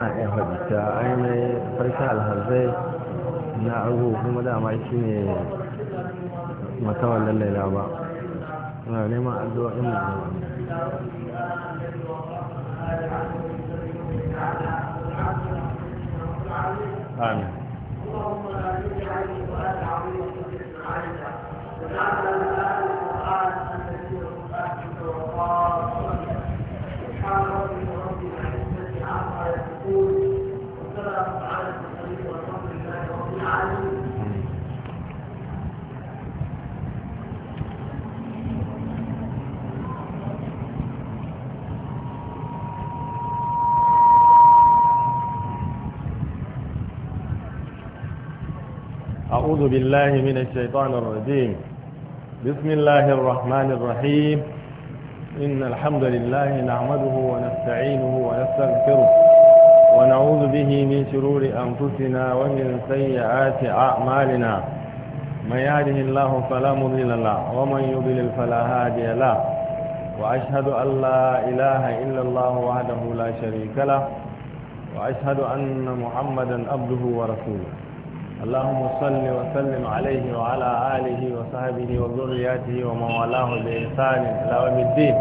a yan hajjita ainihin farkin alhazai na ago kuma dama shi ne matawan lallaila ba na neman addu'o'in na amin اللهم لا أعوذ بالله من الشيطان الرجيم بسم الله الرحمن الرحيم إن الحمد لله نعمده ونستعينه ونستغفره ونعوذ به من شرور أنفسنا ومن سيئات أعمالنا من يهده الله فلا مضل له ومن يضلل فلا هادي له وأشهد أن لا إله إلا الله وحده لا شريك له وأشهد أن محمدا عبده ورسوله اللهم صل وسلم عليه وعلى آله وصحبه وذرياته ومن والاه بإحسان إلى يوم الدين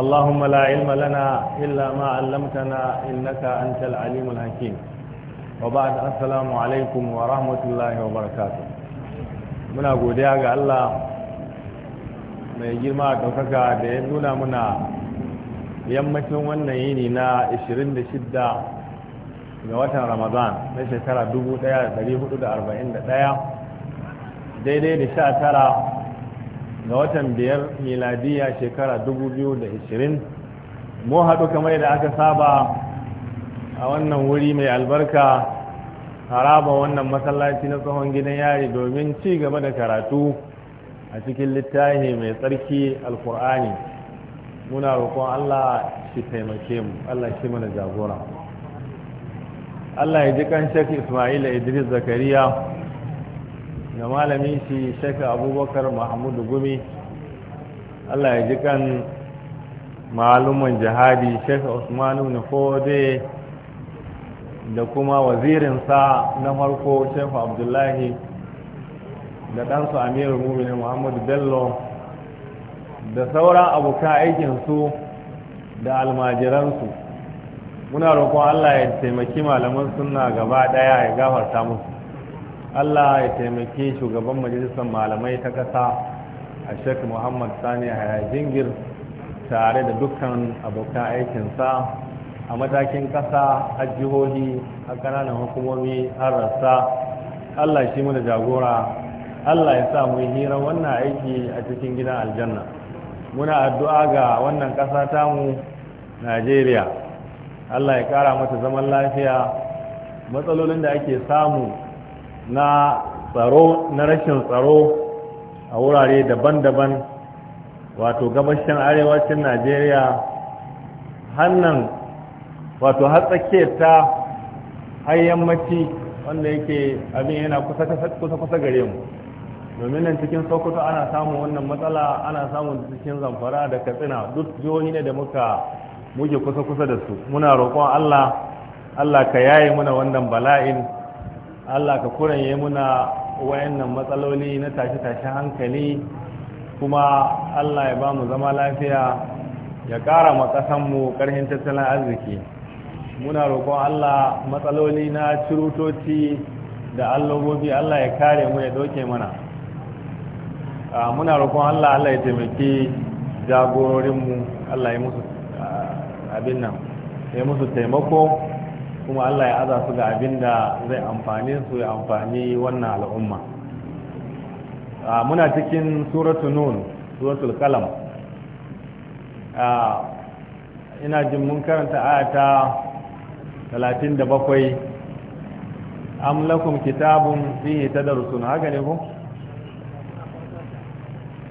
اللهم لا علم لنا إلا ما علمتنا إنك أنت العليم الحكيم وبعد السلام عليكم ورحمة الله وبركاته muna godiya ga Allah mai girma ɗaukaka da ya nuna muna yammacin wannan yini na 26 ga watan ramadan na shekara 1441 daidai da sha tara ga watan biyar miladiya shekara 2020 mu haɗu kamar da aka saba a wannan wuri mai albarka haraba wannan masallaci na tsohon gidan yari domin ci gaba da karatu a cikin littafi mai tsarki alkur'ani muna roƙon allah shi taimake mu allah shi mana jagora Allah ya ji kan shek Ismaila Idris Zakariya da malamin shi shek Abubakar Mahmudu Gumi Allah ya ji kan malumin jihadi shek Usman ibn Fode da kuma wazirin sa na farko shek Abdullahi da ɗansu Amirul Mu'minin Muhammadu Bello da sauran abokan aikinsu da almajiransu muna roƙon Allah ya taimaki malaman sunna gaba ɗaya ya gafarta musu Allah ya taimaki shugaban majalisar malamai ta ƙasa a Sheikh Muhammad Sani a Jingir tare da dukkan abokan aikinsa a matakin ƙasa a jihohi a ƙananan hukumomi har rasa Allah shi mu da jagora Allah ya sa mu hira wannan aiki a cikin gidan aljanna muna addu'a ga wannan ƙasa tamu Najeriya Allah ya kara mata zaman lafiya matsalolin da ake samu na tsaro na rashin tsaro a wurare daban-daban wato gabashin arewacin najeriya hannan wato hatsake ta har yammaci wanda yake abin yana kusa-kusa gare mu domin nan cikin sokoto ana samun wannan matsala ana samun cikin zamfara da katsina duk jihohi ne da muka muke kusa kusa da su muna roƙon Allah Allah ka yaye muna wannan bala'in Allah ka kuranye muna wayannan matsaloli na tashi tashi hankali kuma Allah ya ba mu zama lafiya ya ƙara mu ƙarfin tattalin arziki muna roƙon Allah matsaloli na cirutoci da allobobi Allah ya kare mu ya ɗauke mana ah, muna roƙon Allah Allah ya taimaki jagororinmu Allah ya musu abin nan ya musu taimako kuma Allah ya aza su ga abin da zai amfani su ya amfani wannan al'umma muna cikin suratu nun suratul kalam ina jin mun karanta ayata 37 am lakum kitabun fihi tadrusun haka ne ko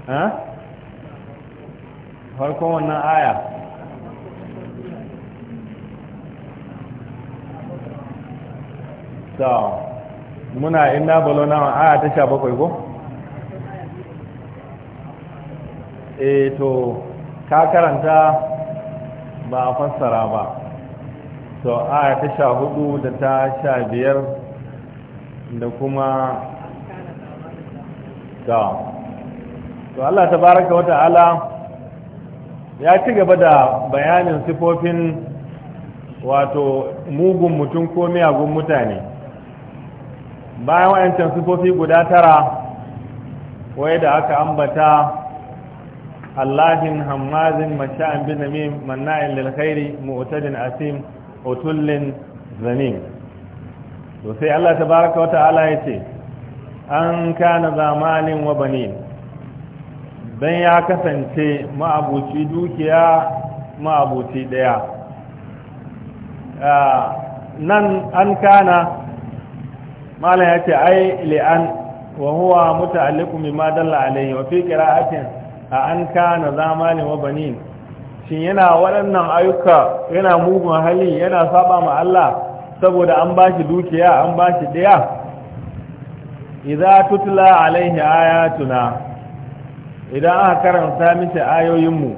ha farkon wannan aya ta muna balo balona aya ta sha bakwai ko e to ka karanta ba a fassara ba to aya ta sha hudu da ta sha biyar da kuma ta to Allah ta baraka wata Ala ya ci gaba da bayanin sifofin wato mugun mutum ko miyagun mutane bayan wayancan sufofi guda tara wai da aka ambata allahin hammazin masha'an bin namim manna'in lil khairi mu'tadin asim otullin zanim to sai Allah ta wata ala ya ce, an kana zamanin wa banin don ya kasance ma'abuci dukiya ma'abuci ɗaya. Ah, nan an kana malam ya ce ai li'an wa huwa muta'alliqun bima dalla alayhi wa fi qira'atin a an kana zamani wa banin shin yana waɗannan ayyuka yana mugun hali yana saba ma Allah saboda an bashi dukiya an bashi daya idza tutla alayhi ayatuna idan aka karanta mishi ayoyinmu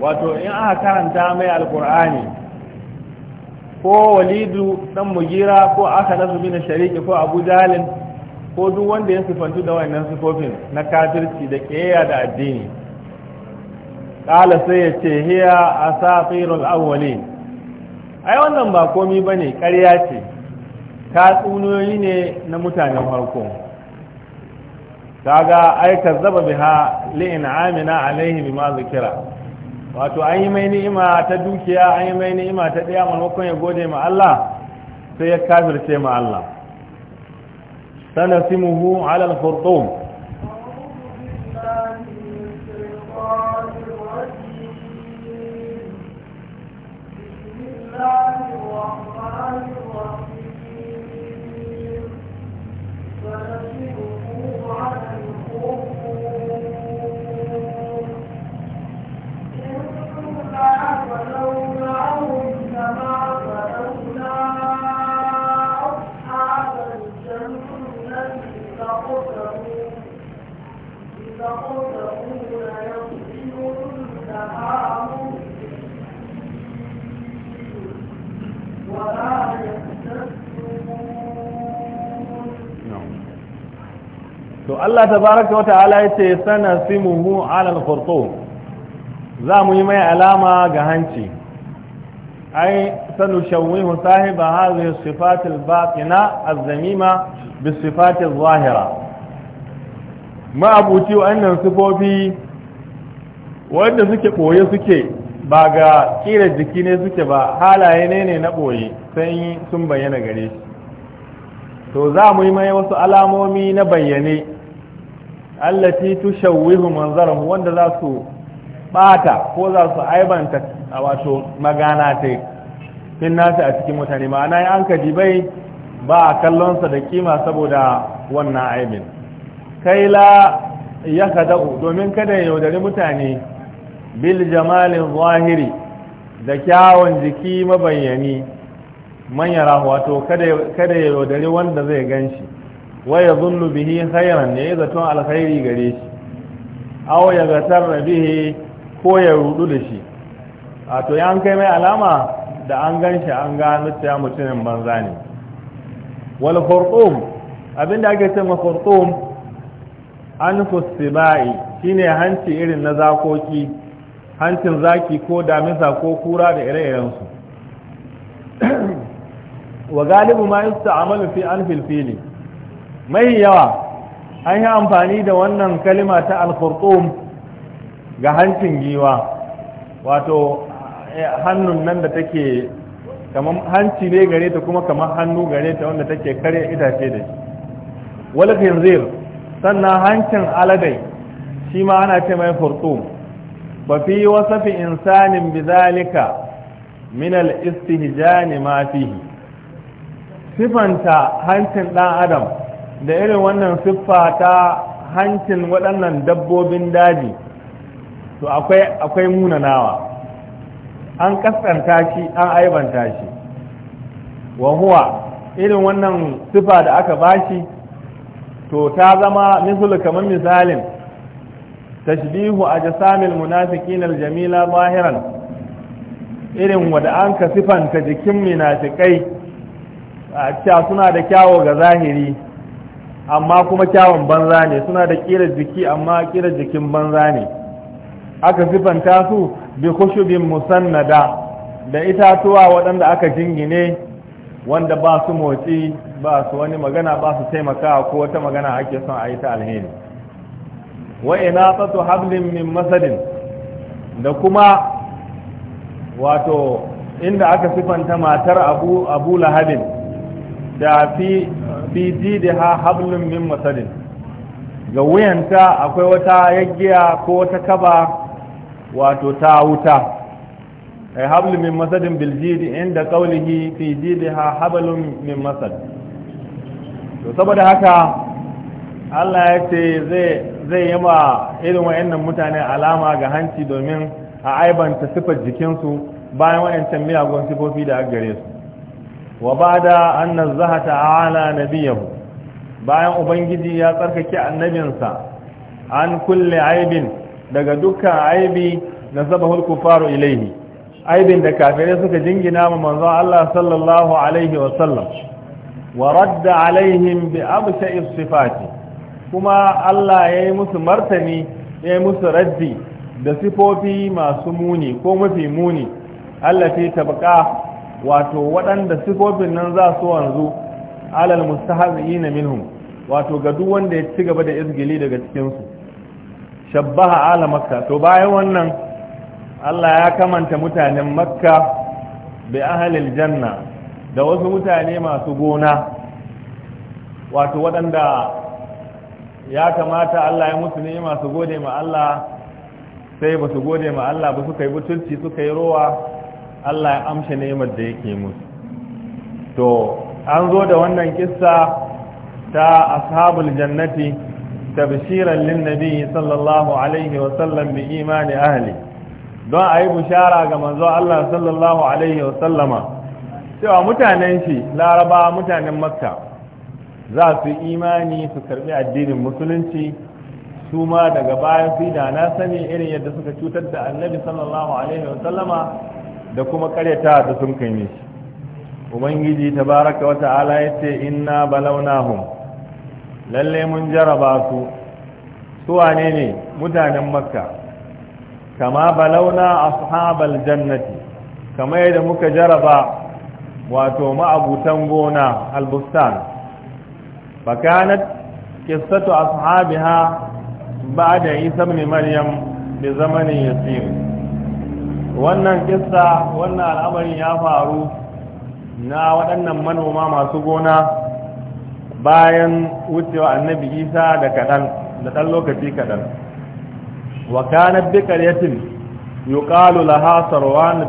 wato in aka karanta mai alqur'ani ko walidu dan mugira ko aka nasu bin shariki ko abu jalin ko duk wanda ya sifantu da wannan sifofin na kafirci da ƙeya da addini ƙala sai ya ce hiya a safirul awwali ai wannan ba komi ba ne ƙarya ce ta tsunoyi ne na mutanen farko kaga aikar zaba biha li'in amina alaihi bima zikira wato an yi mai ni'ima ta dukiya an yi mai ni'ima ta ɗaya maimakon ya gode ma Allah sai ya kafirce ma Allah sanasimuhu alal khurdum Allah tabaraka wa ta'ala yace sana simuhu ala al-khurtum za mu yi mai alama ga hanci ai sanu shawwihu sahiba hadhihi sifat al-batina az-zamima bi sifat az-zahira ma wa annan sifofi wanda suke koye suke ba ga kira jiki ne suke ba halaye ne ne na boye sai sun bayyana gare shi to za mu yi mai wasu alamomi na bayyane allati tushawwihu manzarahu wanda za su bata ko za su aibanta a wato magana ta fin nasi a cikin mutane ma'ana ya an kaji bai ba a kallonsa da kima saboda wannan aibin kai la ya kada'u domin kada ya yaudari mutane bil jamalin zahiri da kyawun jiki mabayani man yara kada ya yaudari wanda zai gan shi Waya zunubihi zullu bihi khairan zaton alkhairi gare shi aw ya gatar bihi ko ya rudu da shi a to ya kai mai alama da an ganshi an gano cewa mutumin banza ne wal Abin abinda ake cewa khurtum an fusibai shine hanci irin na zakoki hancin zaki ko damisa ko kura da ire-irensu wa galibu ma yasta'malu fi anfil fili mai yawa an yi amfani da wannan kalima ta alkhurtum ga hancin giwa wato eh, hannun nan da take kamar hanci ne gare ta kuma kamar hannu gare ta wanda take karya itace da shi wal khinzir sannan hancin aladai shi ma ana ce mai furtum ba fi wasafi insanin bizalika min al istihjani ma fihi sifanta hancin dan adam da irin wannan siffa ta hancin waɗannan dabbobin daji to akwai munanawa an kaskanta shi an aibanta shi wa huwa irin wannan siffa da aka bashi to ta zama misul kamar misalin tashbihu a jasamin munafikinar Jamila bahiran irin wadda an ka siffanta jikin munafikai a cewa suna da kyawo ga zahiri amma kuma kyawun banza ne suna da kira jiki amma kira jikin banza ne aka sifanta su bi kushubin musannada da itatuwa waɗanda aka jingine wanda ba su motsi ba su wani magana ba su taimakawa ko wata magana ake son a yi ta alheri wa ina hablin min masadin da kuma wato inda aka sifanta matar abu abu lahabin da fi fi ha hablun min masadin ga wuyanta akwai wata yaggiya ko wata kaba wato ta wuta ai hablun min masadin bil jidi inda qawlihi fi ha hablun min masad to saboda haka Allah ya ce zai zai yi ma irin wayannan mutane alama ga hanci domin a aibanta sifar jikinsu bayan wayancan miyagun sifofi da aggare su wa bada an nazzaha ta'ala nabiyahu bayan ubangiji ya tsarkake annabinsa an kulle aibin daga dukkan aibi na zabahul kufaru ilaihi aibin da kafirai suka jingina ma manzon Allah sallallahu alaihi wa sallam wa radda alaihim bi absha'i sifati kuma Allah yayi musu martani yi musu raddi da sifofi masu muni ko mafi muni allati tabqa wato waɗanda sifofin nan za su wanzu alal mustahzi'ina minhum wato ga duk wanda ya ci gaba da izgili daga cikin su shabbaha ala makka to bayan wannan Allah ya kamanta mutanen makka bi ahlil janna da wasu mutane masu gona wato waɗanda ya kamata Allah ya musu ne masu gode ma Allah sai ba su gode ma Allah ba suka yi butulci suka yi rowa Allah ya amshe neman da yake musu to an zo da wannan kisa ta ashabul jannati ta lin nabi sallallahu alaihi wa bi imani ahali, don a yi bishara ga manzo Allah sallallahu alaihi wa cewa mutanen shi laraba mutanen makka za su imani su karbi addinin musulunci su ma daga bayan su da na sani irin yadda suka cutar da annabi sallallahu alaihi wa sallama da kuma ta da sun kai shi. ubangiji ta baraka wa ta'ala yace inna balawnahum lalle mun jaraba su su wane ne mutanen makka kama balawna ashabal jannati kama yadda muka jaraba wato ma'abutan gona albustan fakanat qissatu ashabiha ba'da isa ibn maryam bi zamanin yasiru wannan kissa wannan al'amarin ya faru na waɗannan manoma masu gona bayan wucewa annabi isa da kaɗan da ɗan lokaci kaɗan wa kanar bikar yatin yuqalu laha sarwan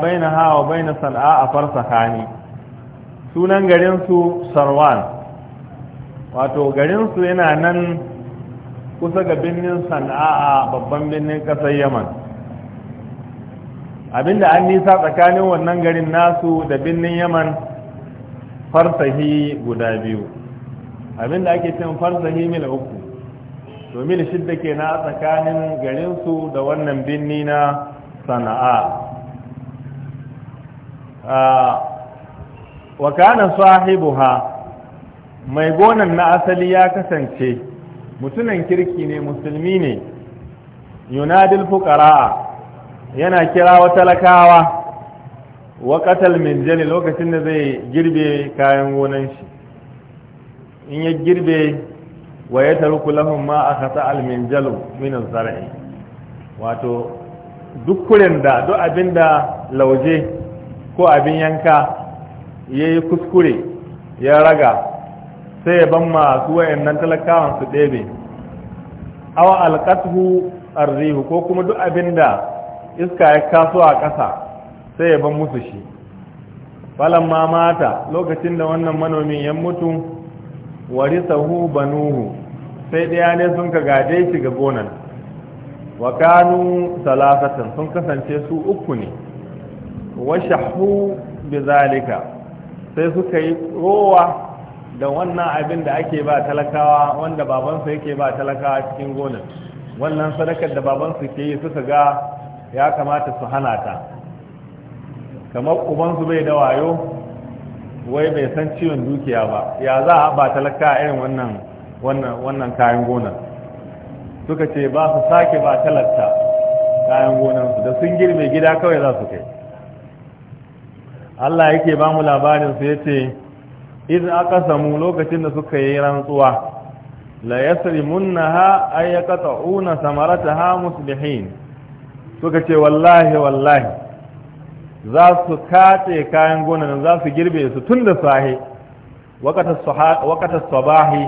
bai na hawa bai na sana'a a farsakani sunan garinsu sarwan wato garinsu yana nan kusa ga birnin sana'a babban birnin kasar yaman abinda an nisa tsakanin wannan garin nasu da birnin yaman farsahi guda biyu abinda ake cin farsahi mil uku to mil shidda ke na tsakanin garinsu da wannan birni na sana'a wa kana sahibuha mai gonan na asali ya kasance mutunan kirki ne musulmi ne yunadil fuqara yana kira wa talakawa wa qatal min jani lokacin da zai girbe kayan gonan shi in ya girbe wa ya taruku lahum ma akhata al jalu min zari wato duk kuren da duk abinda lauje ko abin yanka yayi kuskure ya raga sai ya ban masu wayannan talakawan su ɗebe awa alƙatuhu arzihu ko kuma duk abin da iska ya kaso a ƙasa sai ya ban musu shi falon ma mata lokacin da wannan manomin ya mutu warisahu banuhu sai ɗaya ne sun ka gade shi ga gonan wa kanu salasatan sun kasance su uku ne wa shahu bi zalika sai suka yi rowa da wannan abin da ake ba talakawa wanda babansa yake ba talakawa cikin gonar wannan sadakar da babansu ke yi suka ga ya kamata su hana ta kamar ubansu bai da wayo wai bai san ciwon dukiya ba ya za a ba talaka irin wannan wannan kayan gonar suka ce ba su sake ba talakta kayan gonarsu da sun girbe gida kawai za su kai Allah yake ba mu labarin su yace ce iz aqasamu lokacin da suka yi rantsuwa la yasrimunha ay yaqta'una samarataha muslihin suka ce wallahi wallahi za su kace kayan gonan za su girbe su tun da sahi waqata sabahi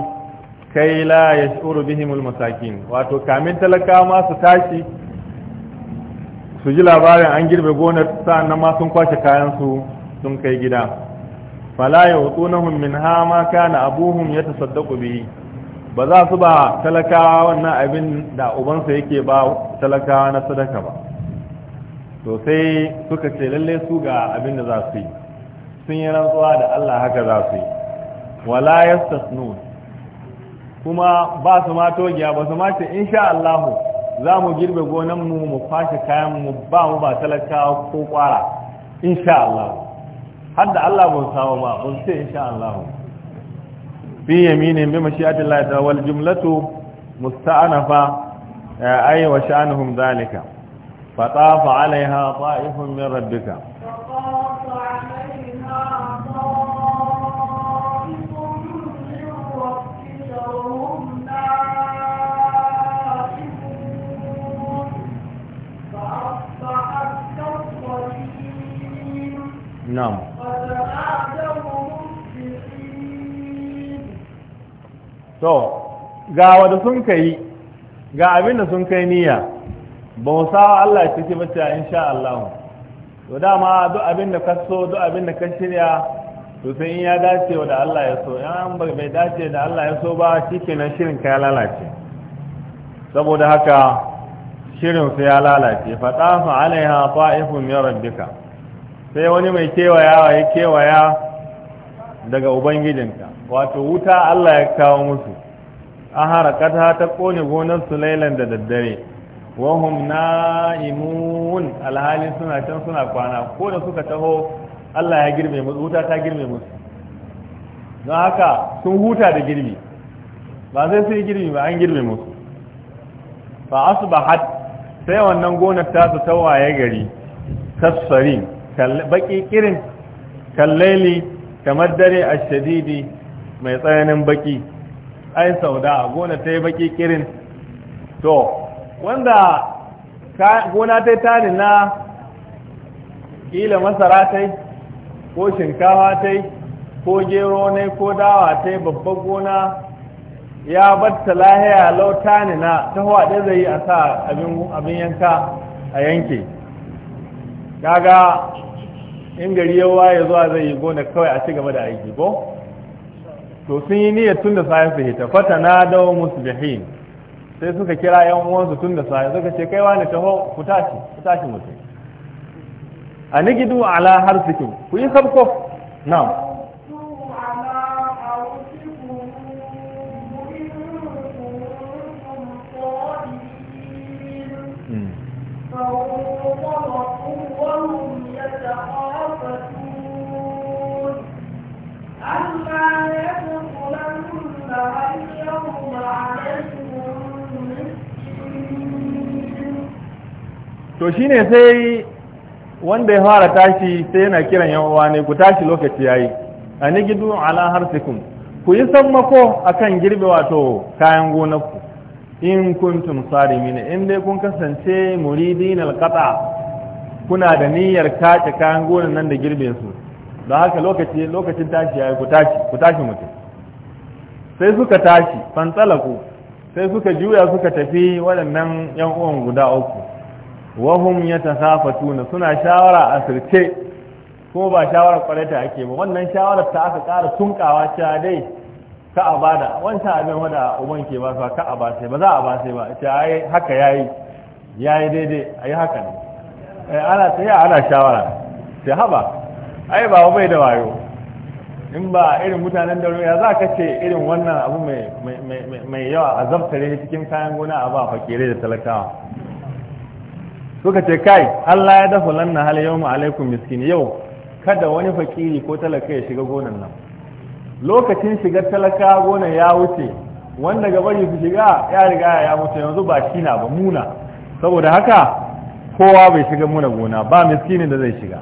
kai la yash'uru bihim almasakin wato kamin talaka ma su tashi su ji labarin an girbe gonar nan ma sun kwace kayan su sun kai gida fala yawtunahum minha ma kana abuhum yatasaddaqu bihi ba za su ba talakawa wannan abin da ubansa yake ba talakawa na sadaka ba to sai suka ce lalle su ga abin da za su yi sun yi rantsuwa da Allah haka za su yi wala yastasnun kuma ba su ma togiya ba su ma ce insha Allah za mu girbe gonan mu mu kwashe kayan mu ba mu ba talakawa ko kwara insha Allah har da Allah ban samu ba mun ce insha Allah fi yaminin bi mashi'atillah ta wal jumlatu musta'anafa eh, ay wa sha'anuhum zalika فطاف عليها طائف من ربك نعم to ga wadda sun kai ga abin da sun kai niyya ba mu sawa Allah ciki ba ta insha Allah to dama duk abin da ka so duk abin da ka shirya to sai in ya dace wa da Allah ya so in bai dace da Allah ya so ba shikenan shirin ka ya lalace saboda haka shirin sai ya lalace tafa alaiha ta'ifun min rabbika sai wani mai kewaya ya kewaya daga ubangijinka wato wuta Allah ya kawo musu an harakata ta kone gonar su lailan da daddare wahum na'imun alhali suna can suna kwana ko da suka taho Allah ya girme musu wuta ta girme musu don haka sun huta da girbi ba sai sun yi girbi ba an girme musu fa asbahat sai wannan gonar ta su tawaye gari kasfarin baki kirin kallaili kamar dare a shadidi mai tsananin baki ai sauda gona ta yi baki kirin to wanda gona ta yi na ƙila masara ta ko shinkafa ta ko gero ne ko dawa ta yi babban gona ya batta lahiya lau tani na ta haɗe zai yi a sa abin yanka a yanke kaga in gari ya ya zuwa zai yi gona kawai a ci gaba da aiki ko? to sun yi niyyar tun da safe su hita fata na dawo musbihin sai suka kira yan uwansu tun da safe suka ce kaiwa ne taho ku tashi ku tashi mu a nigidu ala harsikin ku yi sabkof na'am hmm. Hmm. To shi ne sai wanda ya fara tashi sai yana kiran yan ne ku tashi lokaci yayi a ni gidu ala harsikum ku yi sammako kan girbe wato kayan gonarku in kuntum sarimina in dai kun kasance muridin alqata kuna da niyyar kace kayan gona nan da girbe su don haka lokaci lokacin tashi ya yi ku tashi ku tashi mutum sai suka tashi fantsalaku sai suka juya suka tafi waɗannan yan uwan guda uku wahum ya tuna suna shawara a sirce ko ba shawarar kwareta ake ba wannan shawarar ta aka ƙara tunkawa cewa dai ka a bada wancan abin wanda uban ke ba ka a ba sai ba za a ba sai ba ce ai haka yayi yayi daidai ayi haka ne eh, ana tsaya ana shawara sai haba ai ba bai da wayo in ba irin mutanen da ya za ka ce irin wannan abu mai yawa a zabtare cikin kayan gona a ba fakirai da talakawa suka ce kai Allah ya dafa lanna hali yau alaikum miskin yau kada wani fakiri ko talaka ya shiga gonan nan lokacin shigar talaka gonan ya wuce wanda gaba yi su shiga ya riga ya mutu yanzu ba shi na ba muna saboda haka kowa bai shiga muna gona ba miskinin da zai shiga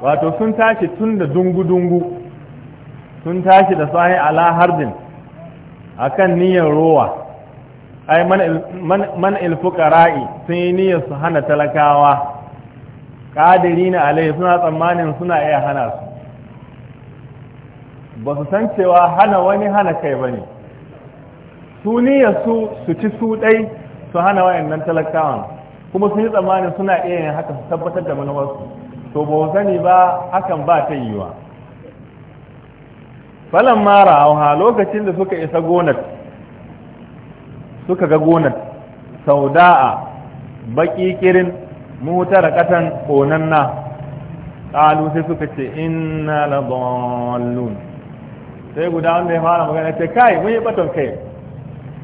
wato sun tashi tun da dungu-dungu sun tashi da sahi ala harbin kan niyyar rowa ai man ilfukara'i sun yi niyyar su hana talakawa ƙadiri na alai suna tsammanin suna iya hana su ba su san cewa hana wani hana kai ba ne su niyyar su su ci su ɗai su hana wayannan talakawan kuma sun yi tsammanin suna iya yin haka su tabbatar da manuwarsu to ba sani ba hakan ba ta yi yiwa falan mara auha lokacin da suka isa gonar suka ga gonar da'a baki kirin mutar katan konanna ƙalu sai suka ce ina la sai guda wanda ya fara magana ce kai mun yi baton kai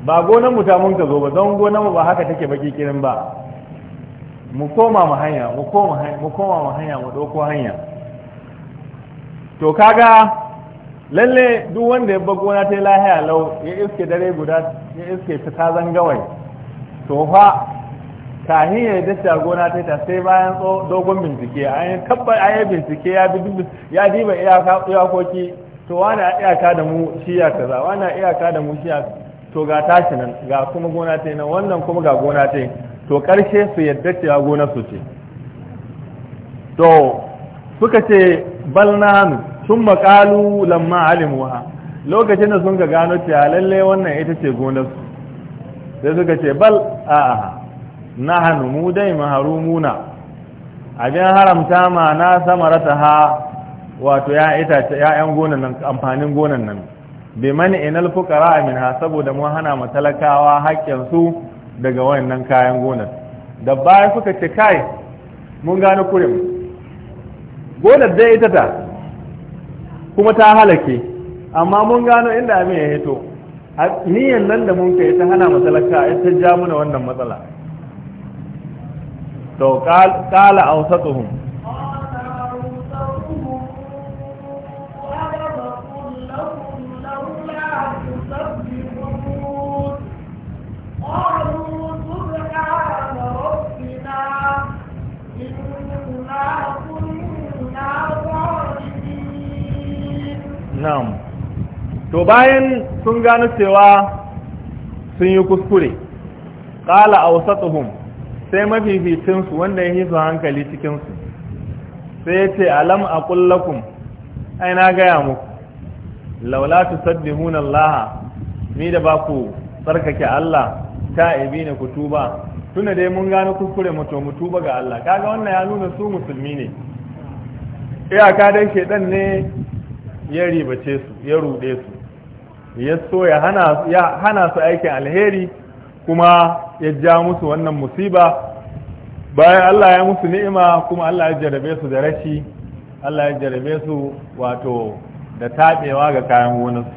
ba gonan mu ta mun ka zo ba don gonan mu ba haka take baki kirin ba mu koma mu hanya mu koma mu hanya mu ɗauko hanya to kaga lalle duk wanda ya ba gona ta yi lahiya lau ya iske dare guda ya iske ta ta zangawai to fa kahin ya dasta gona ta ta sai bayan dogon bincike an yi tabbar an yi bincike ya bi ya diba iyakoki to wani iyaka da mu shi ya kaza wani iyaka da mu shi ya to ga tashi nan ga kuma gona ta nan wannan kuma ga gona ta to ƙarshe su yadda cewa gonar su ce to suka ce bal balnanu sun maƙalu lamma alimuwa lokacin da sun ga gano cewa lalle wannan ita ce gonar su sai suka ce bal a'a na hannu mu dai muna abin haramta ma na ta ha wato ya itace ya'yan gonan nan amfanin gonan nan bi mani inal fuqara ha saboda mu hana matalakawa haƙƙin su daga wannan kayan gonar da baya suka ce kai mun gano kurin gonar dai ita ta kuma ta halake amma mun gano inda abin ya hito niyan nan da mun kai ta hana matsalaka ya ta ja mana wannan matsala to qala awsatuhum to bayan sun gano cewa sun yi kuskure ƙala a wasatuhum sai mafificinsu wanda ya yi su hankali cikinsu sai ya ce alam a kullakun ai na gaya muku laula tu hunan laha ni da ba ku tsarkake allah ta ibi ne ku tuba tunda dai mun gano kuskure mutu mu tuba ga allah kaga wannan ya nuna su musulmi ne iyaka dai shedan ne ya ribace su ya rude su ya so ya hana su aikin alheri kuma ya ja musu wannan musiba bayan Allah ya musu ni'ima kuma Allah ya jarabe su da rashi Allah ya jarabe su wato da taɓewa ga kayan gonarsu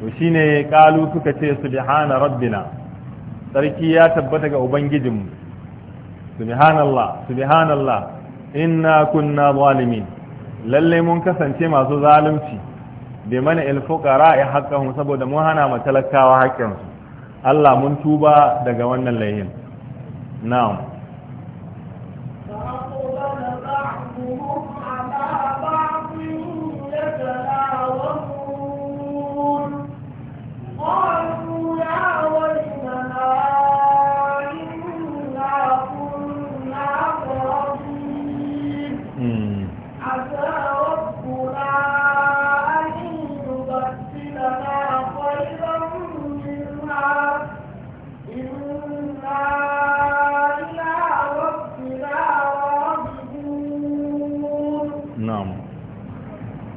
to shine kalu suka ce subhana rabbina sarki ya tabbata ga ubangijinmu subhanallah subhanallah inna kunna zalimin lalle mun kasance masu zalunci bi mana ilfukara ya mu saboda mun hana matalakawa haƙƙinsu Allah mun tuba daga wannan layin na'am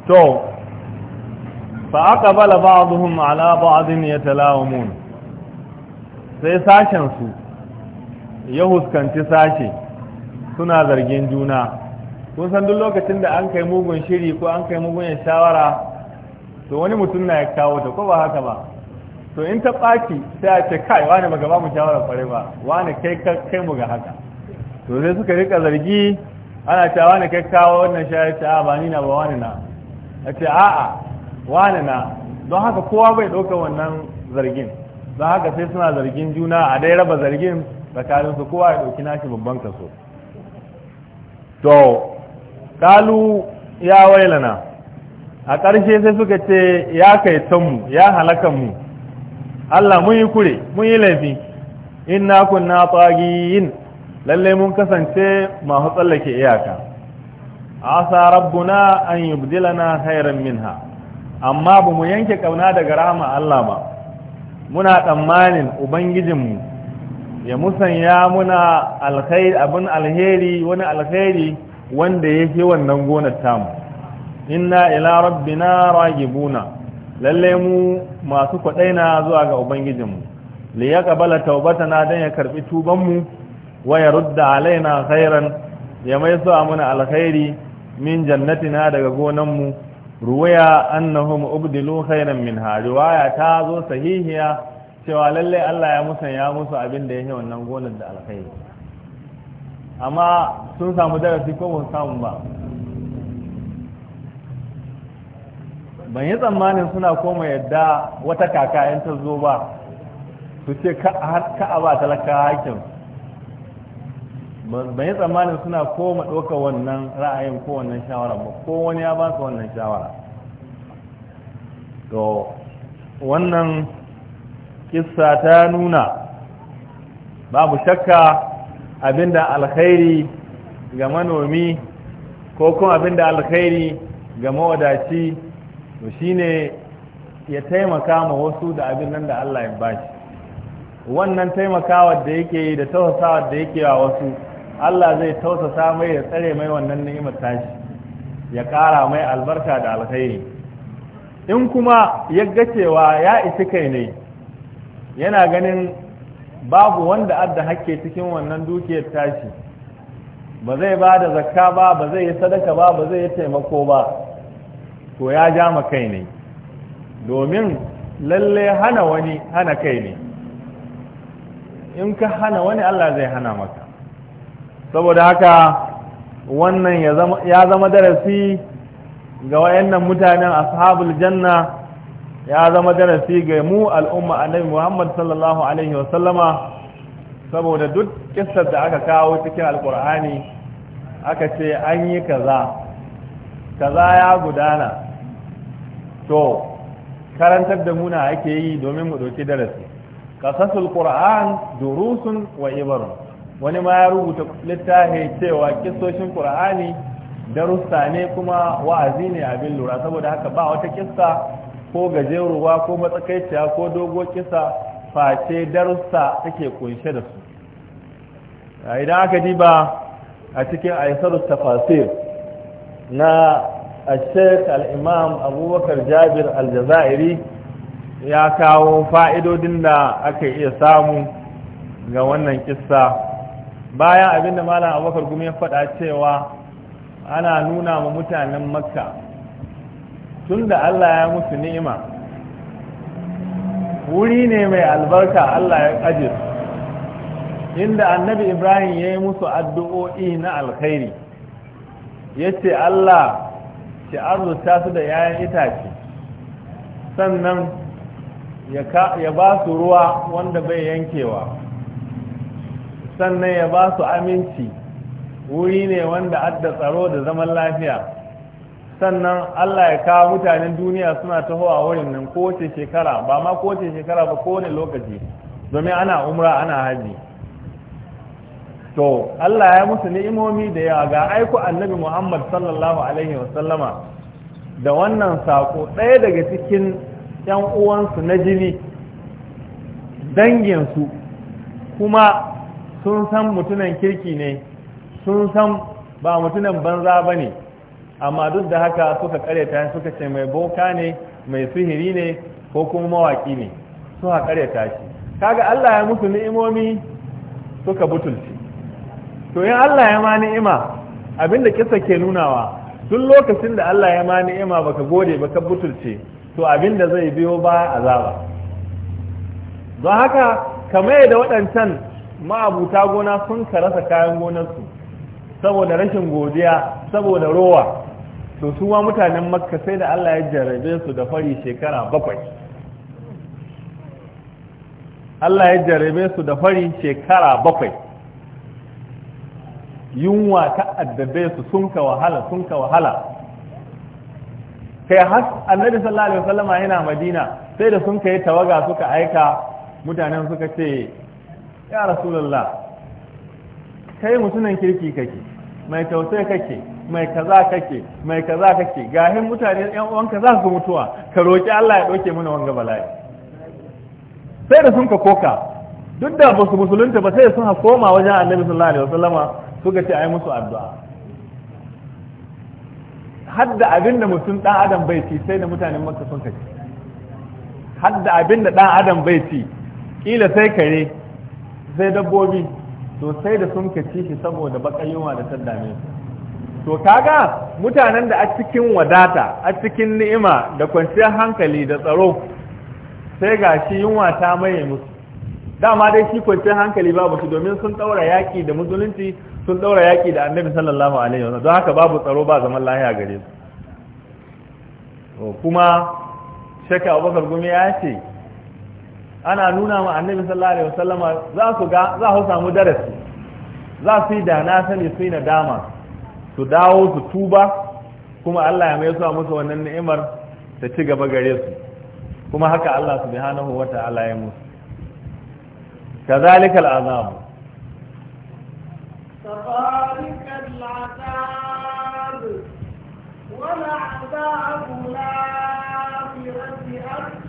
to fa bala ba'dhum ala ba'dhin yatalawamun sai sashen su ya huskanci sashe suna zargin juna kun san duk lokacin da an kai mugun shiri ko an kai mugun shawara to wani mutum na ya kawo ta ko ba haka ba to in ta ɓaki, sai a ce kai wani ba gaba mu shawara kware ba wani kai kai mu ga haka to sai suka rika zargi ana cewa wani kai kawo wannan shayar ta ba ni na ba wani na a ce a'a wani na don haka kowa bai ɗauka wannan zargin don haka sai suna zargin juna a dai raba zargin tsakanin su kowa ya ɗauki nashi babban kaso to kalu ya wailana a ƙarshe sai suka ce ya kai mu ya halaka mu Allah mun yi kure mun yi laifi na kunna tsagiyin lallai mun kasance masu tsallake iyaka asa rabbuna an yubdilana khairan minha amma ba mu yanke kauna daga rahama Allah ba muna tsammanin ubangijinmu ya musanya muna alkhair abin alheri wani alkhairi wanda yake wannan gonar mu. inna ila rabbina ragibuna lalle mu masu kwadaina zuwa ga ubangijinmu li yaqbala tawbatana dan ya karbi tubanmu wa yarudda alaina khairan ya mai sa muna alkhairi min jannatina daga mu ruwaya annahum ubdilu khairan minha riwaya ta zo sahihiya cewa lalle Allah ya musanya musu abin da yake wannan gonar da alkhairi amma sun samu darasi ko ban samu ba ban yi tsammanin suna koma yadda wata kaka in ta zo ba su ce ka a ba talaka hakin ban yi tsammanin suna koma ɗauka wannan ra'ayin ko wannan shawara ba ko wani ya ba su wannan shawara to wannan kissa ta nuna babu shakka abinda alkhairi ga manomi ko kuma abinda alkhairi ga mawadaci to shine ya taimaka ma wasu da abin nan da Allah ya bashi wannan taimakawa da yake da tausasawa da yake wa wasu Allah zai tausasa mai ya tsare mai wannan ni'imar tashi ya ƙara mai albarka da alkhairi in kuma ya ga cewa ya isi kai ne yana ganin babu wanda adda hakke cikin wannan dukiyar tashi ba zai ba da zakka ba ba zai yi sadaka ba ba zai yi taimako ba to ya ja ma kai ne domin lalle hana wani hana kai ne in ka hana wani Allah zai hana maka saboda haka wannan ya zama darasi ga wayannan mutanen ashabul janna ya zama darasi ga mu al'umma annabi Muhammad sallallahu alaihi wa sallama saboda duk kissar da aka kawo cikin alkur'ani aka ce an yi kaza kaza ya gudana to karantar da muna ake yi domin mu ɗauki darasi kasasul qur'an durusun wa ibarun wani ma ya rubuta littafi cewa kisoshin qur'ani darussa ne kuma wa'azi ne abin lura saboda haka ba wata kissa ko gajeruwa ko matsakaiciya ko dogo kissa face darussa take kunshe da su idan aka diba a cikin aisarus tafasir na al-sheikh al-imam abubakar jabir Aljaza'iri, ya kawo fa'idodin da aka iya samu ga wannan kissa bayan abin da malam abubakar gumi ya faɗa cewa ana nuna ma mutanen makka tun da allah ya musu ni'ima wuri ne mai albarka allah ya ajiye inda annabi ibrahim ya yi musu addu'o'i na alkhairi ya ce allah ki arzuta su da 'ya'yan itace sannan ya ba su ruwa wanda bai yankewa sannan ya ba su aminci wuri ne wanda adda tsaro da zaman lafiya sannan Allah ya kawo mutanen duniya suna tahowa wurin nan kowace shekara ba ma kowace shekara ba kowane lokaci domin ana umra ana haji to Allah ya musu ni'imomi da yawa ga aiko annabi Muhammad sallallahu alaihi sallama da wannan sako ɗaya daga cikin ‘yan uwansu na jini dangin su kuma sun san mutunan kirki ne sun san ba mutunan banza ba ne amma duk da haka suka karyata suka ce mai boka ne mai sihiri ne ko kuma mawaki ne suka karyata shi kaga Allah ya musu ni'imomi suka butulci to in Allah ya ma ni'ima abinda kisa ke nunawa duk lokacin da Allah ya ma ni'ima baka gode baka butulce to abinda zai biyo ba azaba don haka kamar da waɗancan ma'abuta gona sun ka rasa kayan gonarsu saboda rashin godiya saboda rowa to su ma mutanen makka sai da Allah ya jarabe su da fari shekara bakwai Allah ya jarabe su da fari shekara bakwai yunwa ta addabe su sun ka wahala sun ka wahala kai har annabi sallallahu alaihi wasallama yana madina sai da sun kai tawaga suka aika mutanen suka ce ya rasulullah kai mutunan kirki kake mai tausayi kake mai kaza kake mai kaza kake gahin mutane yan uwanka za su mutuwa ka roki Allah ya ɗauke mana wanga bala'i sai da sun ka koka duk da ba su musulunta ba sai sun ha koma wajen annabi sallallahu alaihi wasallama suka ce ai musu addu'a hadda abin da mutum dan adam bai ci sai da mutanen makka sun kaci hadda abin da dan adam bai ci kila sai kare sai dabbobi to sai da sun ka shi saboda baka da ta dame to kaga mutanen da a cikin wadata a cikin ni'ima da kwanciyar hankali da tsaro sai ga shi yunwa ta maye musu dama dai shi kwanciyar hankali babu shi domin sun ɗaura yaƙi da musulunci sun ɗaura yaƙi da annabi sallallahu alaihi wasallam don haka babu tsaro ba zaman lahiya gare su kuma shekaru bakar gumi ya ce ana nuna ma annabi sallallahu alaihi wasallama za su ga za su samu darasi za su yi da na sani su yi nadama su dawo su tuba kuma Allah ya mai suwa musu wannan ni'imar ta ci gaba gare su kuma haka Allah subhanahu wa ta'ala ya musu kazalikal azab kazalika azab wal 'adabu la fi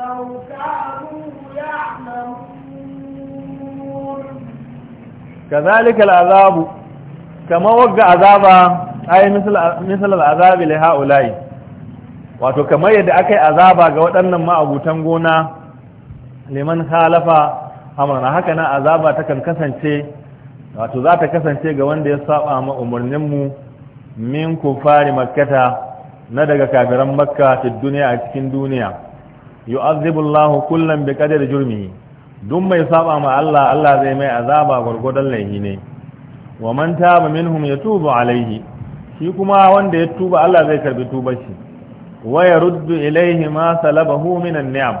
لو كانوا يعلمون كذلك العذاب كما وقع عذابا أي مثل, مثل العذاب لهؤلاء wato kamar yadda aka yi azaba ga waɗannan ma'abutan gona liman khalafa amrana haka nan azaba ta kan kasance wato za ta kasance ga wanda ya saba ma umarninmu min kufari makkata na daga kafiran makka ta duniya a cikin duniya yu'azzibu Kullum kullan bi qadri jurmihi duk mai saba ma Allah Allah zai mai azaba gurgudan laihi ne wa man taba minhum yatubu alaihi shi kuma wanda ya tuba Allah zai karbi tubar shi wa yaruddu ilaihi ma salabahu minan ni'am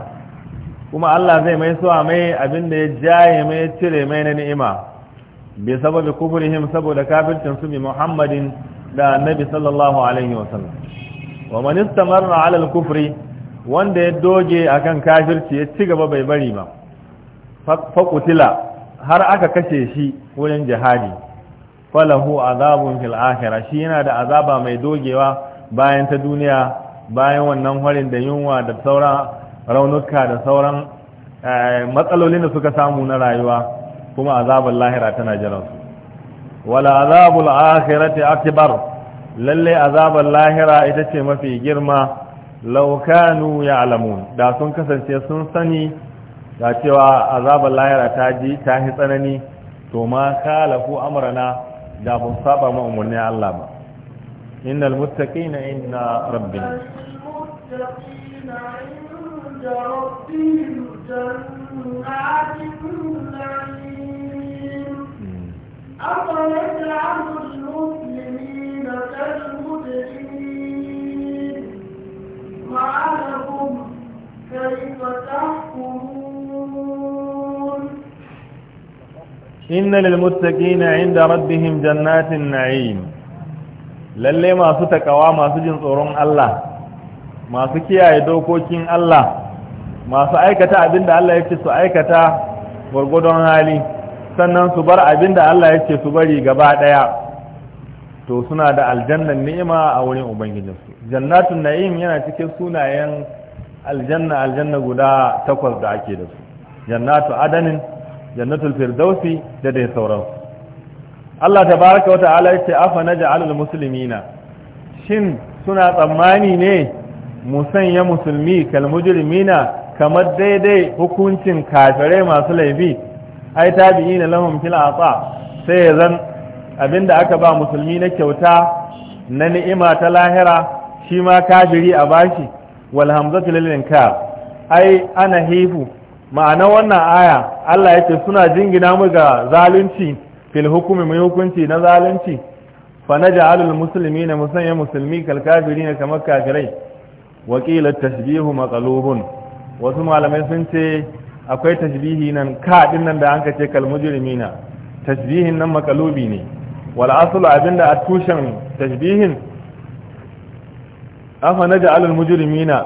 kuma Allah zai mai so mai abinda ya jaye mai cire mai na ni'ima bi sababi kufrihim saboda kafircin su bi Muhammadin da Annabi sallallahu alaihi wa sallam wa man istamarra ala al-kufri wanda ya doge a kan kafirci ya ci gaba bai bari ba faƙutila har aka kashe shi wurin jihadi falahu azabun fil akhira shi yana da azaba mai dogewa bayan ta duniya bayan wannan harin da yunwa da sauran raunuka da sauran eh, matsalolin da suka samu na rayuwa kuma azabun lahira tana jiran wala azabul akhirati akbar lalle azabul lahira ita ce mafi girma laukanu ya alamun da sun kasance sun sani da cewa azabar layara ta ji ta yi tsanani to ma kalafu amurana da bun saba ma Allah ba innal muttaqina inna rabbin أفنجعل المسلمين كالمسلمين وعلكم كيف تحكمون إن للمتقين عند ربهم جنات النعيم lalle masu takawa masu jin tsoron Allah masu kiyaye dokokin Allah masu aikata abin da Allah ya ce su aikata gwargwadon hali sannan su bar abin da Allah ya ce su bari gaba ɗaya to suna da aljannan ni'ima a wurin ubangijinsu jannatun na'im yana cikin sunayen aljanna aljanna guda takwas da ake da su jannatu adanin jannatul firdausi da dai sauransu Allah tabaraka wata'ala yace afa naj'alul musulmina shin suna tsammani ne musanya musulmi kal mujrimina kamar daidai hukuncin kafirai masu laifi ai tabi'ina lahum fil aqa sai zan Abin da aka ba musulmi na kyauta na ni'ima ta lahira shi ma kafiri a bashi wal hamzatu lil inkar ai ana hifu ma'ana wannan aya Allah yake suna jingina mu ga zalunci fil hukumi mai hukunci na zalunci fa naj'alu al muslimina musayyan musulmi kal kafirina kamar kafirai wa qila tashbihu maqlubun wasu malamai sun ce akwai tashbihi nan ka nan da an ka ce kal mujrimina tashbihin nan maqlubi ne wal aslu abinda a tushen tashbihin afa naj'al al mujrimina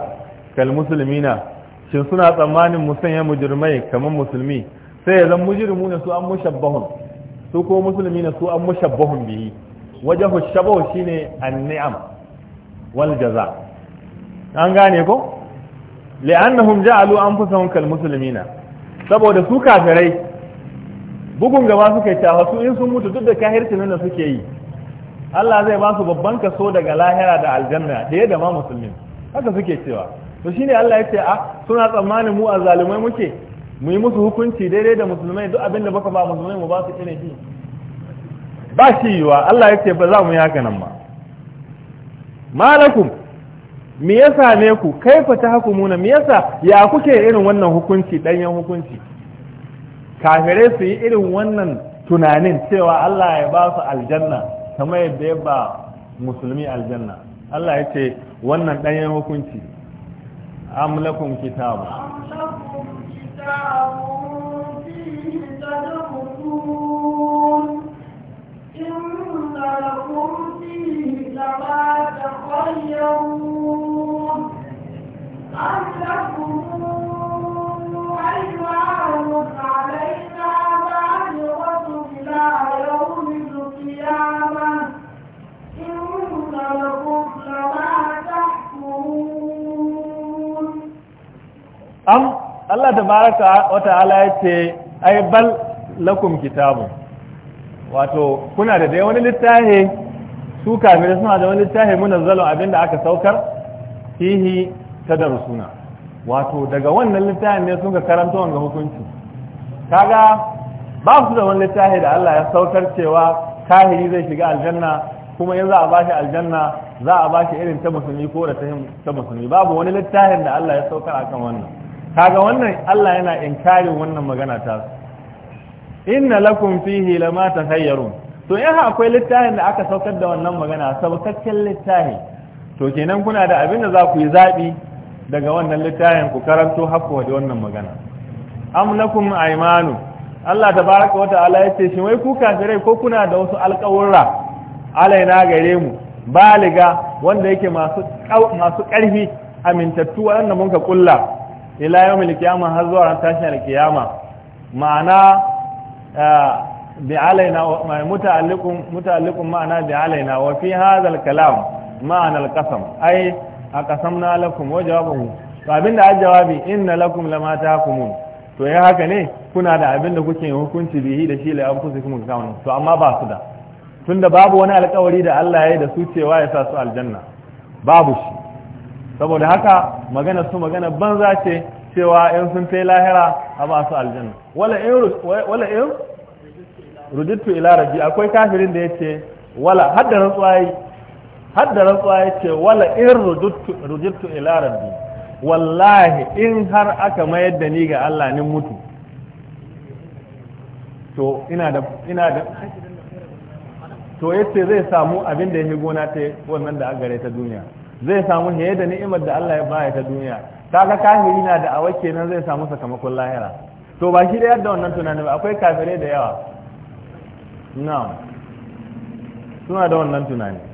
kal muslimina shin suna tsammanin musanya mujrimai kamar musulmi sai ya zan mujrimu ne su an mushabbahun su ko musulmi ne su an mushabbahun bihi wajahu shabahu shine an-ni'am wal jaza an gane ko li'annahum ja'alu anfusahum kal muslimina saboda su kafirai bugun gaba suka yi tawa su in sun mutu duk da kahirci nan suke yi Allah zai ba su babban kaso daga lahira da aljanna da yadda ma musulmi haka suke cewa to shine Allah ya ce a ah, suna tsammanin mu azalumai muke mu yi musu hukunci daidai da musulmai duk abinda da baka ba musulmai mu ba su shi ba shi yiwa Allah ya ce ba za mu yi haka nan ma malakum me yasa ne ku kaifa hukumuna me yasa ya kuke irin wannan hukunci danyen hukunci kafirai su yi irin wannan tunanin cewa Allah ya ba su aljanna kamar yadda ya ba musulmi aljanna Allah ya ce wannan ɗanyen hukunci amlakun kitabu لما تخيرون أم am Allah ta tabaraka wa ta'ala ce ai bal lakum kitabu. wato kuna da dai wani littafi su kafirai suna da wani littafi munazzalun abinda aka saukar fihi tadarusuna wato daga wannan littafin ne sun ga karanta wanga hukunci kaga ba su da wani littafi da Allah ya saukar cewa kahiri zai shiga aljanna kuma in za a bashi aljanna za a bashi irin ta musulmi ko da ta musulmi babu wani littafin da Allah ya saukar akan wannan kaga wannan Allah yana inkarin wannan magana ta inna lakum fihi lama tahayyarun to in akwai littafin da aka saukar da wannan magana sabukakken littafi to kenan kuna da abin da za ku yi zabi daga wannan littafin ku karanto hakko da wannan magana am lakum aymanu Allah tabaraka wa ta'ala yace shi wai ku kafirai ko kuna da wasu alƙawurra alaina gare mu baliga wanda yake masu masu ƙarfi amintattu wanda mun ka kulla ila yawmil qiyamah har zuwa ran tashin alqiyama ma'ana eh, bi alaina muta'alliqun muta'alliqun ma'ana bi alaina wa fi hadha kalam ma'ana al-qasam ai a kasam na lakum wa jawabin to abinda a jawabi inna lakum lama tahkumun to ya eh, haka ne kuna da abinda kuke hukunci bihi da shi la kuma ga kawun to amma ba su da tunda babu wani alƙawari da Allah ya yi da su cewa ya sa su aljanna babu shi saboda haka magana su magana banza ce cewa in sun kai lahira a ba su aljanna wala in wala in rujittu ila rabbi akwai kafirin da yace wala hadda rantsuwa har da rantsuwa ya ce wala in rujuttu ila rabbi wallahi in har aka mayar da ni ga Allah ni mutu to ina da ina da to yace zai samu abin da yake gona ta wannan da agare ta duniya zai samu haye da ni'imar da Allah ya baya ta duniya kaga kafiri na da awa kenan zai samu sakamakon lahira to ba shi da yadda wannan tunanin ba akwai kafirai da yawa na'am suna da wannan tunani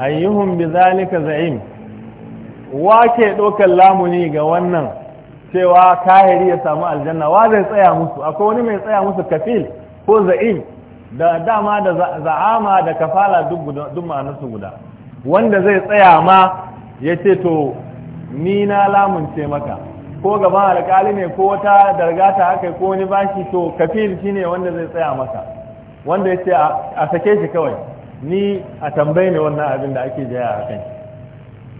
ayyuhum bi zalika za'im wa ke ɗaukar lamuni ga wannan cewa kahiri ya samu aljanna wa zai tsaya musu akwai wani mai tsaya musu kafil ko za'im da dama da za'ama da kafala duk ma'anarsu guda wanda zai tsaya ma ya ce to ni na lamunce maka ko gaba alƙali ne ko wata darga ta haka ko wani bashi to kafil shine wanda zai tsaya maka wanda ya ce a sake shi kawai ni a tambaye ne wannan abin da ake jaya a kai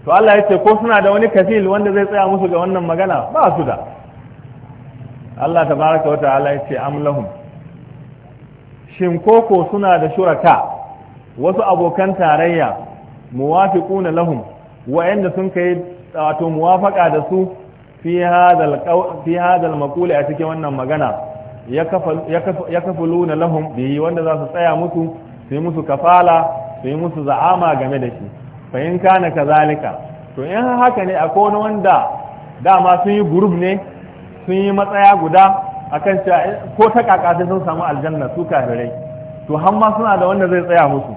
to Allah ya ko suna da wani kafil wanda zai tsaya musu ga wannan magana ba su da Allah tabaraka wa ta'ala ya ce amlahum shin koko suna da shuraka wasu abokan tarayya muwafiquna lahum wa'anda sun kai wato muwafaka da su fi hadal fi hadal maqula a cikin wannan magana ya kafaluna lahum bi wanda za su tsaya musu su yi musu kafala su yi musu za'ama game da shi fahimta na kazalika to in haka ne a kone wanda dama sun yi gurub ne sun yi matsaya guda akan cewa ko ta kakasai sun samu aljanna su kafirai to hamma suna da wanda zai tsaya musu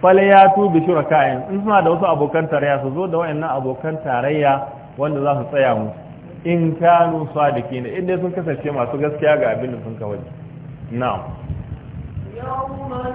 fale ya tu bi shuraka'in in suna da wasu abokan tarayya su zo da wayannan abokan tarayya wanda za su tsaya musu in kanu sadiqin inda sun kasance masu gaskiya ga abin da sun kawai na'am yawma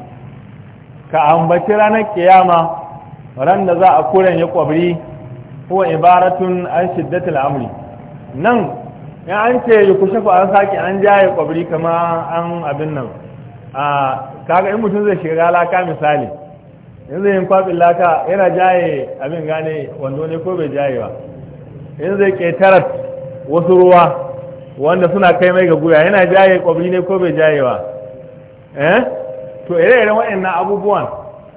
ka ambaci ranar kiyama ran da za a kuren ya kwabri ko ibaratun an shiddatul amri nan ya an ce ya kushe ko an saki an jaye kwabri kama an abin nan a kaga in mutum zai shiga laka misali in zai yin kwabin laka yana jaye abin gane wando ne ko bai jaye ba in zai ketara wasu ruwa wanda suna kai mai ga guya yana jaye kwabri ne ko bai jaye ba eh to ire-iren waɗannan abubuwan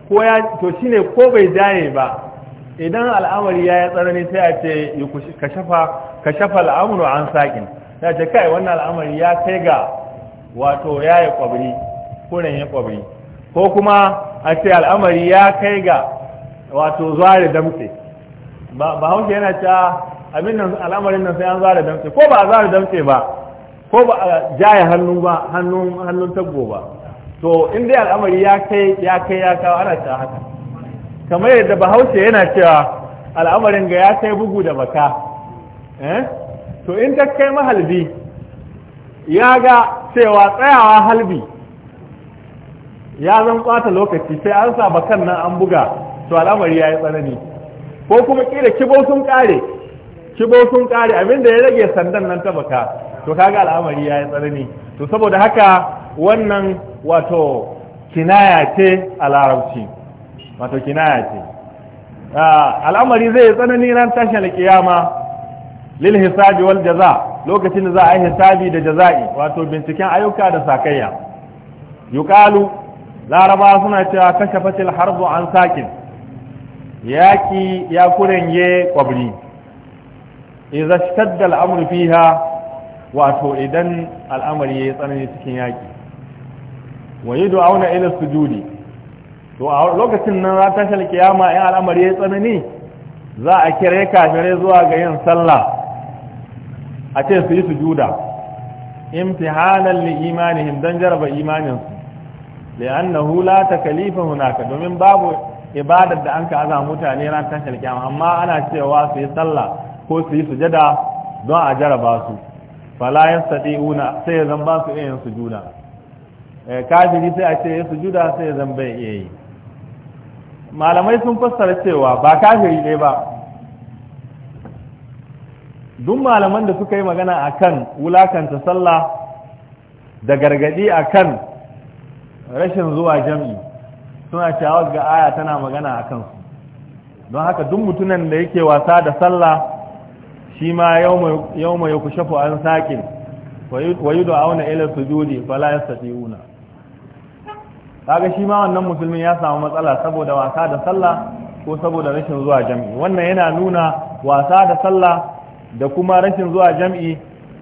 ko ya to shine ko bai jaye ba idan al'amari ya yi tsanani sai a ce ka shafa ka shafa al'amuru an sakin ya ce kai wannan al'amari ya kai ga wato ya yi kwabri ko nan ya kwabri ko kuma a ce al'amari ya kai ga wato zuwa da damtse ba hausa yana ta abin nan al'amarin nan sai an da damse ko ba a da damse ba ko ba a jaye hannu ba hannun hannun taggo ba to in dai al'amari ya kai ya kai ya kawo ana cewa haka kamar yadda bahaushe yana cewa al'amarin ga ya kai bugu da baka eh to in ta kai mahalbi ya ga cewa tsayawa halbi ya zan kwata lokaci sai an sa bakan nan an buga to al'amari ya yi tsanani ko kuma kila kibo sun kare kibo sun kare abinda ya rage sandan nan ta baka to kaga al'amari ya yi tsanani to saboda haka wannan wato kinaya ce a larabci wato kinaya ce ah, al'amari zai tsanani ran tashin alkiyama lil hisabi wal jaza lokacin da za a yi hisabi da jaza'i wato binciken ayyuka da sakayya yuqalu laraba suna cewa kashafatil harbu an sakin yaki ya kurenye kwabri idza shtadda al'amru fiha wato idan al'amari ya tsanani cikin yaki wa yi du'auna ila sujudi to a lokacin nan za ta shal kiyama in al'amari ya tsanani za a kire kafire zuwa ga yin sallah a ce su yi sujuda imtihanan li imanihim dan jaraba imanin su li'annahu la takalifa hunaka domin babu ibadar da anka ka aza mutane ran ta shal kiyama amma ana cewa su yi sallah ko su yi sujada don a jaraba su fala yastati'una sai zan ba su yin sujuda Eh, kafiri sai a ce ya sujuda sai ya zan bai yi malamai sun fassara cewa ba kafiri ne ba duk malaman da suka yi magana akan wulakanta sallah da gargadi akan rashin zuwa jam'i suna cewa ga aya tana magana a kansu? don haka duk mutunan da yake wasa da sallah shi ma yau mai kushafu an sakin wa yi auna ila sujudi fala una kaga shi ma wannan musulmin ya samu matsala saboda wasa da sallah ko saboda rashin zuwa jam'i wannan yana nuna wasa da sallah da kuma rashin zuwa jam'i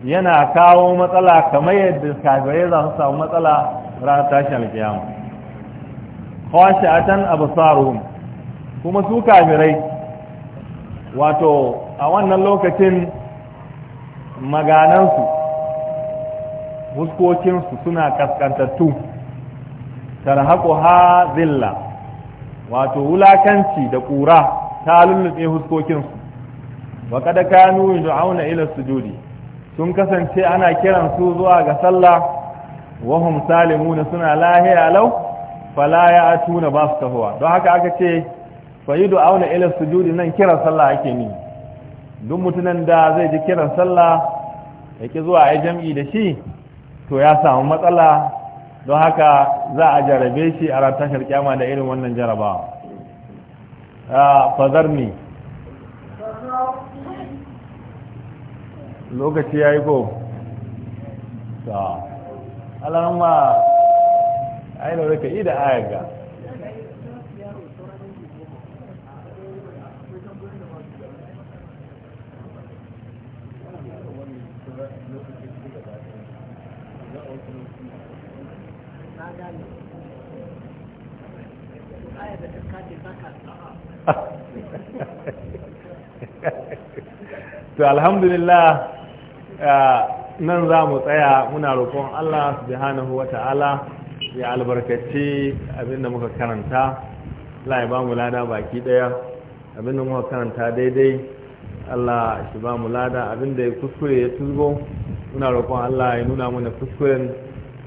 yana kawo matsala kamar yadda kafirai za su samu matsala ranar tashin alkiyama khashatan absaruhum kuma su kafirai wato a wannan lokacin maganansu huskokinsu suna kaskantattu ha zilla wato wulakanci da ƙura ta huskokin huskokinsu wa kada kanu yu'auna ila sujudi sun kasance ana kiran su zuwa ga sallah wa hum salimun suna lahiya law fala ya'tuna ba su don haka aka ce fa auna ila sujudi nan kiran sallah ake ni duk mutunan da zai ji kiran sallah yake zuwa ai jam'i da shi to ya samu matsala don haka za a jarabe shi a ran tashar kyama da irin wannan jarabawa ah, ne lokaci ya yi ko ta alamma ainihin rika yi da ayaga to alhamdulillah uh, nan za mu tsaya muna roƙon Allah subhanahu wa ta'ala ya albarkaci abinda muka karanta Allah ya ba mu lada baki daya abinda muka karanta daidai Allah shi ba mu lada abinda ya kuskure ya tuzgo muna roƙon Allah ya nuna mana kuskuren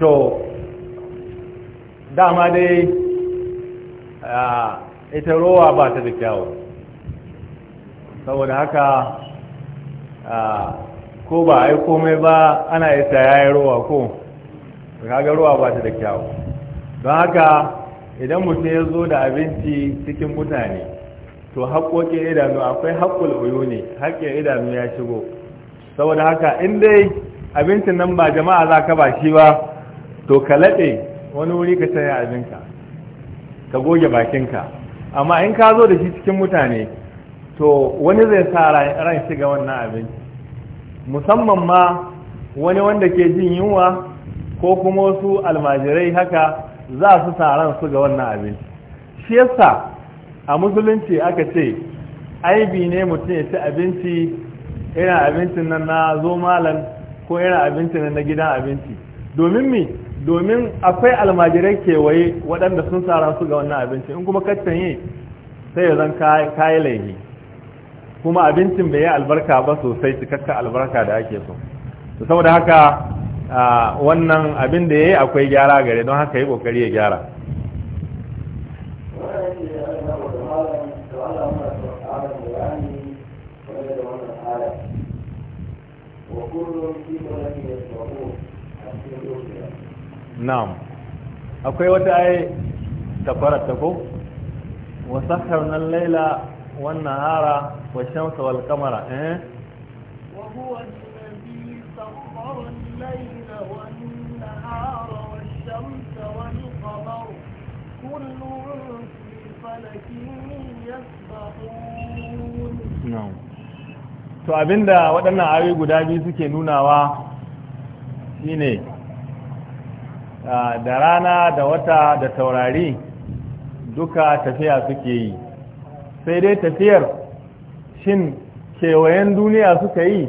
to dama dai ita rowa ba ta da kyawu saboda haka ko ba a yi komai ba ana isa ya yi rowa ko kaga rowa ba ta da kyawu don haka idan mutum ya zo da abinci cikin mutane to haƙoƙin idanu akwai haƙul uyu ne haƙƙin idanu ya shigo saboda haka in dai abincin nan ba jama'a za ka ba shi ba to ka laɗe wani wuri ka saya abinka ka goge bakinka amma in ka zo da shi cikin mutane to wani zai sa ran shiga wannan abin musamman ma wani wanda ke jin yunwa ko kuma wasu almajirai haka za su sa ran su ga wannan abin shi yasa a musulunci aka ce aibi ne mutum ya ci abinci irin abincin nan na zo malam ko irin abincin nan na gidan abinci domin me domin akwai almajirai kewaye waɗanda sun tsara su ga wannan abinci in kuma kaccan yi sai ya zan kayi laifi kuma abincin bai yi albarka ba sosai cikakka albarka da ake so to saboda haka wannan abin da ya yi akwai gyara gare don haka yi kokari ya gyara وكل في na'am akwai wata ai tafarar ta ko wa sakharna al-laila wan nahara wa shamsa wal qamara eh wa to abinda waɗannan ayoyi guda biyu suke nunawa shine Ah, da rana da wata da taurari duka tafiya suke yi sai dai tafiyar shin kewayen duniya suka yi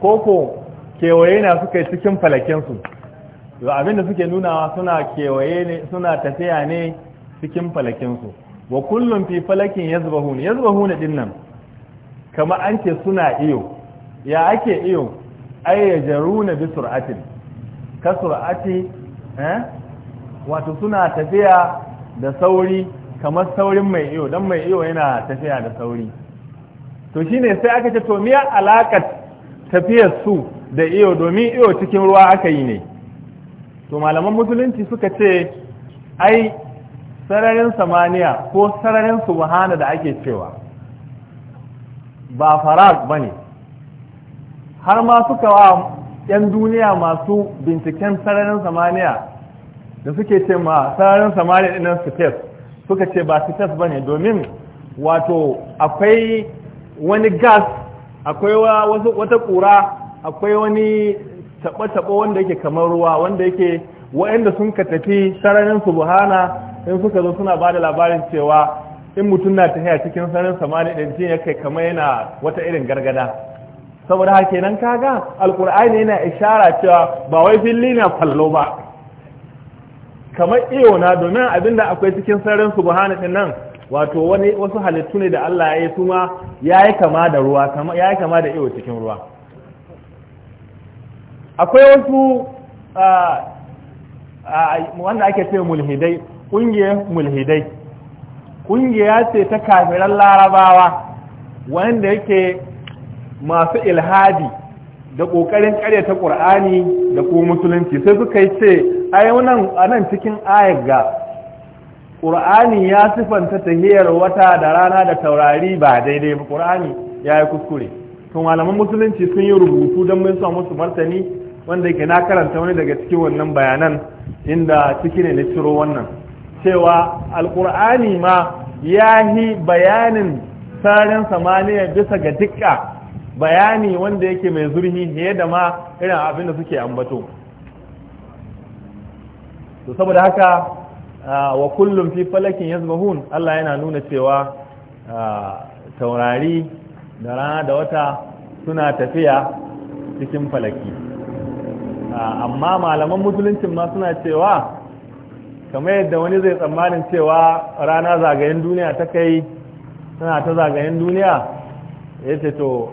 koko kewaye na suka yi cikin falakensu abinda suke nunawa suna kewaye ne suna tafiya ne cikin falakensu wa kullum fi falakin yazbahun yazbahun din nan kamar an ce suna iyo ya ake iyo ay yajruna bi sur'atin ka sur'ati Eh? wato suna tafiya da sauri kamar saurin mai iyo don mai iyo yana tafiya da sauri to shine sai aka ce to miya alaƙar tafiyar su da iyo domin iyo cikin ruwa aka yi ne to malaman musulunci suka ce ai sararin samaniya ko sararin subhana da ake cewa ba farag bane har ma suka wa 'yan duniya masu binciken sararin samaniya da suke ce ma sararin samaniya ɗinan space suka ce ba space ba ne domin wato akwai wani gas akwai wata ƙura akwai wani taɓa-taɓa wanda yake kamar ruwa wanda yake waɗanda sun ka tafi sararin buhana in suka zo suna ba da labarin cewa in mutum na tafiya cikin sararin samaniya ɗin ya kai kamar yana wata irin gargada saboda haka nan kaga alkur'ani yana ishara cewa ba wai filli na fallo ba kamar iyo na domin abinda akwai cikin sararin subhana din nan wato wani wasu halittu ne da Allah ya yi kuma yayi kama da ruwa kama yayi kama da iyo cikin ruwa akwai wasu wanda ake ce mulhidai kungiyar mulhidai kungiya ce ta kafiran larabawa wanda yake masu ilhadi da ƙoƙarin ta ƙur'ani da ko musulunci sai suka yi ce ai wannan a nan cikin ayar ga ƙur'ani ya sifanta tahiyar wata da rana da taurari ba daidai ba ƙur'ani ya yi kuskure to malaman musulunci sun yi rubutu don mun sa musu martani wanda yake na karanta wani daga cikin wannan bayanan inda ciki ne na ciro wannan cewa alƙur'ani ma ya yi bayanin sararin samaniya bisa ga dukka bayani wanda yake mai zurhi fiye da ma irin abin da suke ambato to saboda haka wa kullum fi falakin yazmahun Allah yana nuna cewa taurari da rana da wata suna tafiya cikin falaki amma malaman musuluncin ma suna cewa kamar yadda wani zai tsammanin cewa rana zagayen duniya ta kai suna ta zagayen duniya ya ce to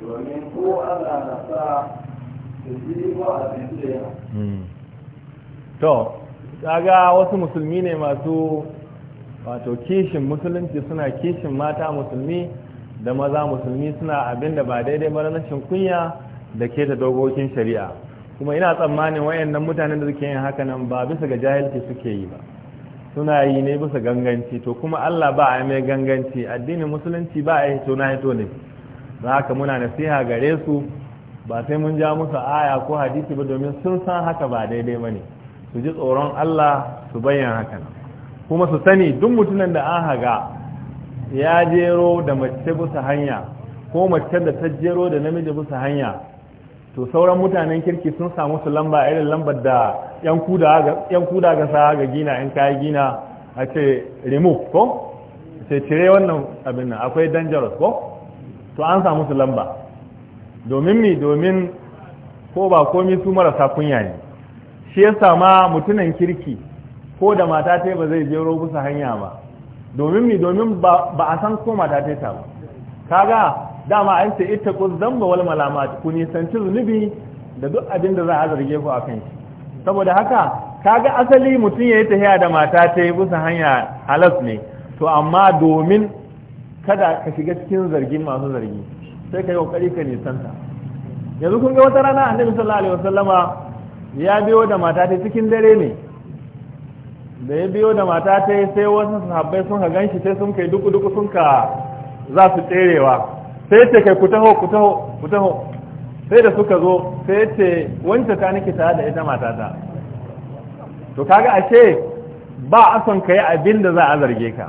domin ko ana na da a hmm. to kaga wasu musulmi ne masu wato kishin musulunci suna kishin mata musulmi da maza musulmi suna abin da ba daidai ba rashin kunya da ke da dogokin shari'a kuma ina tsammanin wayannan mutanen da suke yin haka nan ba bisa ga jahilci suke yi ba suna yi ne bisa ganganci to kuma Allah ba a mai ganganci addinin musulunci ba a yi to na ne za haka muna nasiha gare su ba sai mun ja musu aya ko hadisi ba domin sun san haka ba daidai ba ne su ji tsoron Allah su bayyana hakan kuma su sani duk mutumin da an haga ya jero da mace busa hanya ko mace da ta jero da namiji busa hanya to sauran mutanen kirki sun samu su lamba irin lambar da yan kuda ga sa ga gina yan kayi gina a ce remove ko sai cire wannan abin nan akwai dangerous ko to an samu su lamba domin mi domin ko ba komi su marasa kunya ne shi yasa ma mutunan kirki ko da mata ta ba zai jero kusa hanya ba domin mi domin ba a san ko mata ta ta ba kaga dama an ce ita ku zamba wal malamat ku nisanci zunubi da duk abin da za a zarge ku akan shi saboda haka kaga asali mutum ya yi tahiya da mata ta yi busa hanya halas ne to amma domin kada ka shiga cikin zargin masu zargi sai ka yi kokari ka nisanta yanzu kun ga wata rana annabi sallallahu alaihi wasallama ya biyo da mata ta cikin dare ne da ya biyo da mata ta sai wasu sahabbai sun ka ganshi sai sun kai duku duku sun ka za su tserewa sai ce kai ku taho ku taho ku taho sai da suka zo sai ce wancan ta nake tare da ita matata to kaga ashe ba a son kai abin da za a zarge ka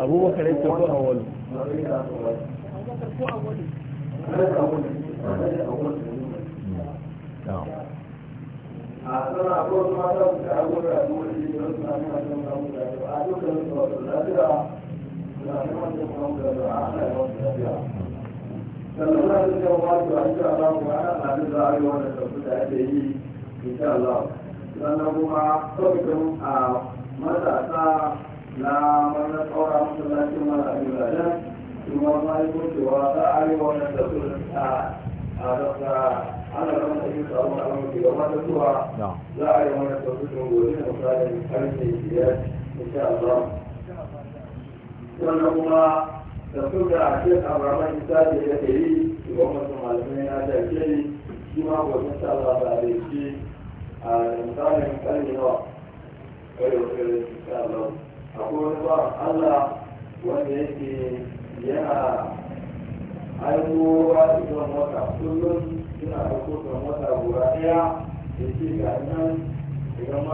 abubakar ya ce ko a matasa na mana tsora masallacin mara ibada kuma ma'aikun cewa za a yi wannan da su a rasa ana zama da yin samun abin da gaba da zuwa za a yi wannan da su sun gobe da misalin karfe biyar sha Allah. Wannan kuma da su da a ce Abraman Isa da ya ke yi, shugaban masu malamai na da ke yi, shi ma gobe insha Allah ba da shi a misalin karfe nawa. kai wa kai insha Allah akwai wani ba Allah wanda yake yana aiko ba su kan wata kullum suna aiko kan wata guda ɗaya da ke ga nan idan